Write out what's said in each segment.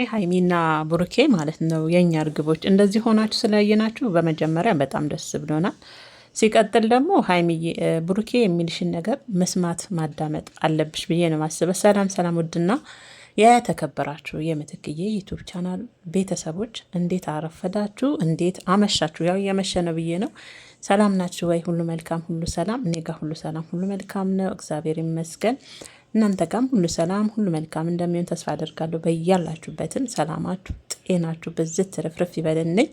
እንግዲህ ሀይሚና ብሩኬ ማለት ነው የእኛ እርግቦች እንደዚህ ሆናችሁ ስለያየናችሁ በመጀመሪያ በጣም ደስ ብሎናል። ሲቀጥል ደግሞ ሀይሚ ብሩኬ የሚልሽን ነገር መስማት ማዳመጥ አለብሽ ብዬ ነው ማስበ። ሰላም ሰላም! ውድና የተከበራችሁ የምትክዬ ዩቱብ ቻናል ቤተሰቦች እንዴት አረፈዳችሁ? እንዴት አመሻችሁ? ያው እየመሸ ነው ብዬ ነው። ሰላም ናችሁ ወይ? ሁሉ መልካም፣ ሁሉ ሰላም። እኔ ሁሉ ሰላም፣ ሁሉ መልካም ነው። እግዚአብሔር ይመስገን። እናንተ ጋም ሁሉ ሰላም ሁሉ መልካም እንደሚሆን ተስፋ አደርጋለሁ። በያላችሁበትን ሰላማችሁ ጤናችሁ ብዝት ትርፍርፍ ይበልልኝ።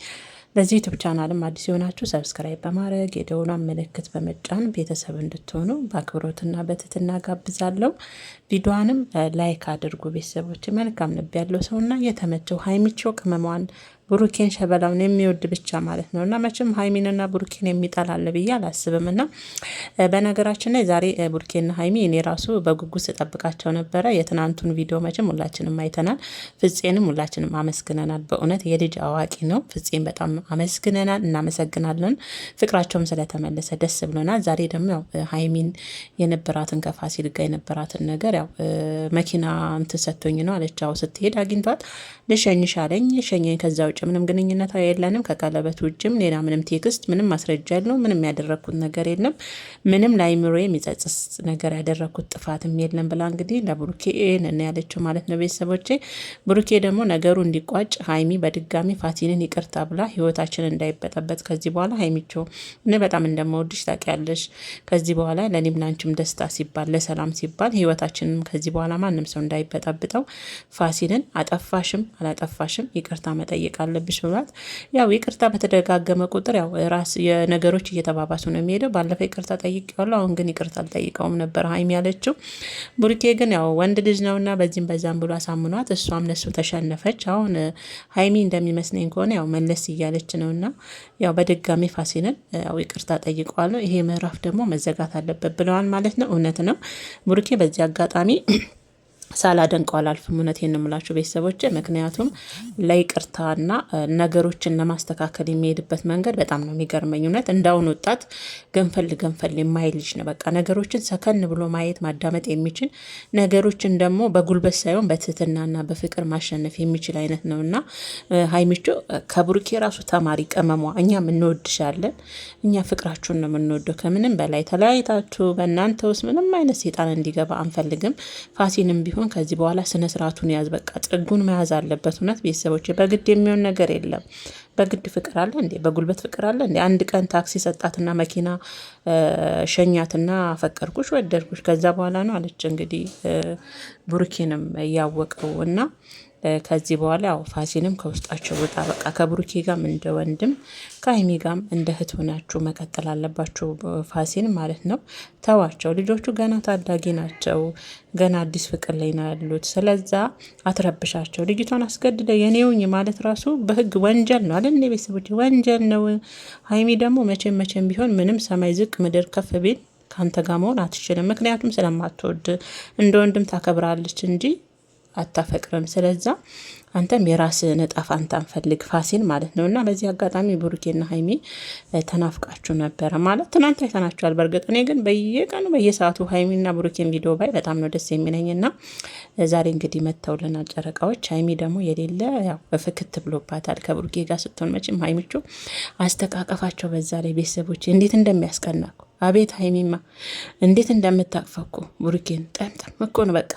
ለዚህ ዩቱብ ቻናልም አዲስ የሆናችሁ ሰብስክራይብ በማድረግ የደውሏን ምልክት በመጫን ቤተሰብ እንድትሆኑ በአክብሮትና በትትና ጋብዛለሁ። ቪዲዮዋንም ላይክ አድርጉ ቤተሰቦች። መልካም ልብ ያለው ሰውና የተመቸው ሀይሚቾ ቅመሟን ብሩኬን ሸበላውን የሚወድ ብቻ ማለት ነው። እና መቼም ሀይሚንና ብሩኬን የሚጠላል ብዬ አላስብም። እና በነገራችን ላይ ዛሬ ብሩኬና ሀይሚ እኔ ራሱ በጉጉት ስጠብቃቸው ነበረ። የትናንቱን ቪዲዮ መቼም ሁላችንም አይተናል። ፍጼንም ሁላችንም አመስግነናል። በእውነት የልጅ አዋቂ ነው። ፍጼን በጣም አመስግነናል፣ እናመሰግናለን። ፍቅራቸውም ስለተመለሰ ደስ ብሎናል። ዛሬ ደግሞ ያው ሀይሚን የነበራትን ከፋሲል ጋር የነበራትን ነገር ያው መኪና እንትን ሰጥቶኝ ነው አለች። ስትሄድ አግኝቷት ልሸኝሽ አለኝ ሸኘኝ ከዛ ውጭ ምንም ግንኙነት የለንም። ከቀለበት ውጭም ሌላ ምንም ቴክስት፣ ምንም ማስረጃ የለው። ምንም ያደረግኩት ነገር የለም። ምንም ለአይምሮ የሚጸጽስ ነገር ያደረግኩት ጥፋትም የለም ብላ እንግዲህ ለብሩኬ ይህንን ያለችው ማለት ነው። ቤተሰቦቼ ብሩኬ ደግሞ ነገሩ እንዲቋጭ ሀይሚ በድጋሚ ፋሲንን ይቅርታ ብላ ህይወታችን እንዳይበጠበት ከዚህ በኋላ ሀይሚቾ እኔ በጣም እንደምወድሽ ታውቂያለሽ። ከዚህ በኋላ ለእኔም ላንቺም ደስታ ሲባል ለሰላም ሲባል ህይወታችንም ከዚህ በኋላ ማንም ሰው እንዳይበጠብጠው ፋሲንን አጠፋሽም አላጠፋሽም ይቅርታ መጠየቃል አለብሽ በማለት ያው ይቅርታ በተደጋገመ ቁጥር ያው ራስ የነገሮች እየተባባሱ ነው የሚሄደው። ባለፈው ይቅርታ ጠይቄዋለሁ፣ አሁን ግን ይቅርታ አልጠይቀውም ነበር ሀይሚ ያለችው። ቡርኬ ግን ያው ወንድ ልጅ ነውና በዚህም በዛም ብሎ አሳምኗት፣ እሷም ነሱ ተሸነፈች። አሁን ሀይሚ እንደሚመስለኝ ከሆነ ያው መለስ እያለች ነውና ያው በድጋሚ ፋሲልን ያው ይቅርታ ጠይቀዋለሁ፣ ይሄ ምዕራፍ ደግሞ መዘጋት አለበት ብለዋል ማለት ነው። እውነት ነው ቡርኬ በዚህ አጋጣሚ ሳላደንቀው አላልፍም። እውነቴን ነው የምላችሁ ቤተሰቦች፣ ምክንያቱም ለይቅርታና ነገሮችን ለማስተካከል የሚሄድበት መንገድ በጣም ነው የሚገርመኝ። እውነት እንዳሁን ወጣት ገንፈል ገንፈል የማይል ልጅ ነው። በቃ ነገሮችን ሰከን ብሎ ማየት ማዳመጥ የሚችል ነገሮችን ደግሞ በጉልበት ሳይሆን በትህትናና በፍቅር ማሸነፍ የሚችል አይነት ነው እና ሀይሚቾ ከብሩኬ ራሱ ተማሪ ቀመሟ። እኛም እንወድሻለን። እኛ ፍቅራችሁን ነው የምንወደው ከምንም በላይ ተለያይታችሁ በእናንተ ውስጥ ምንም አይነት ሴጣን እንዲገባ አንፈልግም። ፋሲንም ቢሆን አሁን ከዚህ በኋላ ስነ ስርዓቱን ያዝ፣ በቃ ጥጉን መያዝ አለበት። እውነት ቤተሰቦች በግድ የሚሆን ነገር የለም። በግድ ፍቅር አለ እንዴ? በጉልበት ፍቅር አለ እንዴ? አንድ ቀን ታክሲ ሰጣትና መኪና ሸኛትና አፈቀርኩሽ፣ ወደድኩሽ ከዛ በኋላ ነው አለች እንግዲህ ብሩኬንም እያወቀው እና ከዚህ በኋላ ያው ፋሲልም ከውስጣቸው ወጣ። በቃ ከብሩኬ ጋም እንደ ወንድም ከሀይሚ ጋም እንደ እህት ሆናችሁ መቀጠል አለባችሁ፣ ፋሲል ማለት ነው። ተዋቸው፣ ልጆቹ ገና ታዳጊ ናቸው። ገና አዲስ ፍቅር ላይ ነው ያሉት። ስለዛ አትረብሻቸው። ልጅቷን አስገድደ የኔውኝ ማለት ራሱ በህግ ወንጀል ነው አለ ቤተሰቦች፣ ወንጀል ነው። ሀይሚ ደግሞ መቼም መቼም ቢሆን ምንም ሰማይ ዝቅ ምድር ከፍ ቢል ከአንተ ጋር መሆን አትችልም። ምክንያቱም ስለማትወድ እንደ ወንድም ታከብራለች እንጂ አታፈቅርም። ስለዛ አንተም የራስ ዕጣ ፋንታን ፈልግ ፋሲል ማለት ነው። እና በዚህ አጋጣሚ ብሩኬና ሀይሚ ተናፍቃችሁ ነበረ ማለት ትናንት አይተናችኋል። በእርግጥ እኔ ግን በየቀኑ በየሰዓቱ ሀይሚና ብሩኬን ቪዲዮ ባይ በጣም ነው ደስ የሚለኝ። እና ዛሬ እንግዲህ መተውልናል ጨረቃዎች። ሀይሚ ደግሞ የሌለ በፍክት ብሎባታል ከብሩኬ ጋር ስትሆን መቼም ሀይሚቹ አስተቃቀፋቸው በዛ ላይ ቤተሰቦች እንዴት እንደሚያስቀናኩ አቤት ሀይሚማ እንዴት እንደምታቅፈኩ ብሩኬን ጠምጠም እኮ ነው በቃ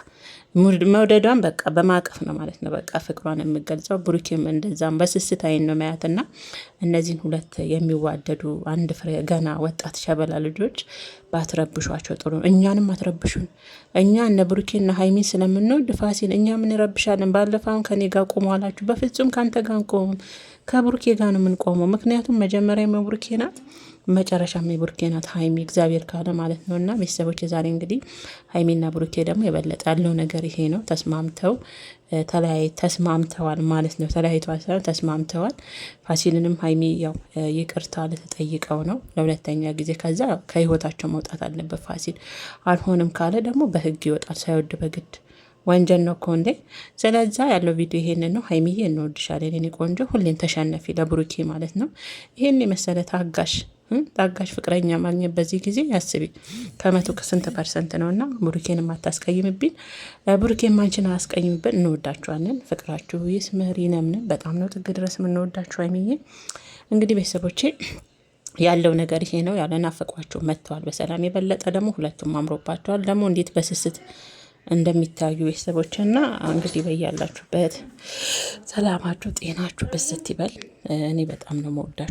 መውደዷን በቃ በማቀፍ ነው ማለት ነው። በቃ ፍቅሯን የምገልጸው ብሩኬም እንደዛም በስስት አይን ነው ማያትና እነዚህን ሁለት የሚዋደዱ አንድ ፍሬ ገና ወጣት ሸበላ ልጆች ባትረብሿቸው ጥሩ ነው። እኛንም አትረብሹን። እኛ እነ ብሩኬና ሀይሚን ስለምንወድ ፋሲል እኛ ምንረብሻለን። ባለፈውን ከኔ ጋር አላችሁ። በፍጹም ከአንተ ጋር አንቆምም፣ ከብሩኬ ጋር ነው የምንቆመው። ምክንያቱም መጀመሪያ የብሩኬ ናት፣ መጨረሻም የብሩኬ ናት ሀይሚ እግዚአብሔር ካለ ማለት ነው። እና ቤተሰቦች የዛሬ እንግዲህ ሀይሚና ብሩኬ ደግሞ የበለጠ ያለው ነገር ይሄ ነው ተስማምተው ተለያይ ተስማምተዋል ማለት ነው። ተለያይተዋል ሳይሆን ተስማምተዋል። ፋሲልንም ሀይሚ ያው ይቅርታ ልትጠይቀው ነው ለሁለተኛ ጊዜ። ከዛ ከህይወታቸው መውጣት አለበት ፋሲል። አልሆንም ካለ ደግሞ በህግ ይወጣል ሳይወድ በግድ ወንጀል ነው እኮ እንዴ። ስለዛ ያለው ቪዲዮ ይሄን ነው። ሀይሚዬ እንወድሻለን የኔ ቆንጆ፣ ሁሌም ተሸነፊ ለብሩኬ ማለት ነው። ይሄን የመሰለ ታጋሽ ታጋሽ ፍቅረኛ ማግኘት በዚህ ጊዜ ያስቢ ከመቶ ከስንት ፐርሰንት ነው። እና ቡሩኬን አታስቀይምብን፣ ቡሩኬን ማንችን አያስቀይምብን። እንወዳችኋለን። ፍቅራችሁ ይስምር ይነምን። በጣም ነው ጥግ ድረስ የምንወዳችሁ አይምዬ። እንግዲህ ቤተሰቦቼ ያለው ነገር ይሄ ነው። ያለናፈቋቸው መጥተዋል በሰላም የበለጠ ደግሞ ሁለቱም አምሮባቸዋል። ደግሞ እንዴት በስስት እንደሚታዩ ቤተሰቦች እና እንግዲህ በያላችሁበት ሰላማችሁ ጤናችሁ ብስት ይበል። እኔ በጣም ነው መወዳችሁ።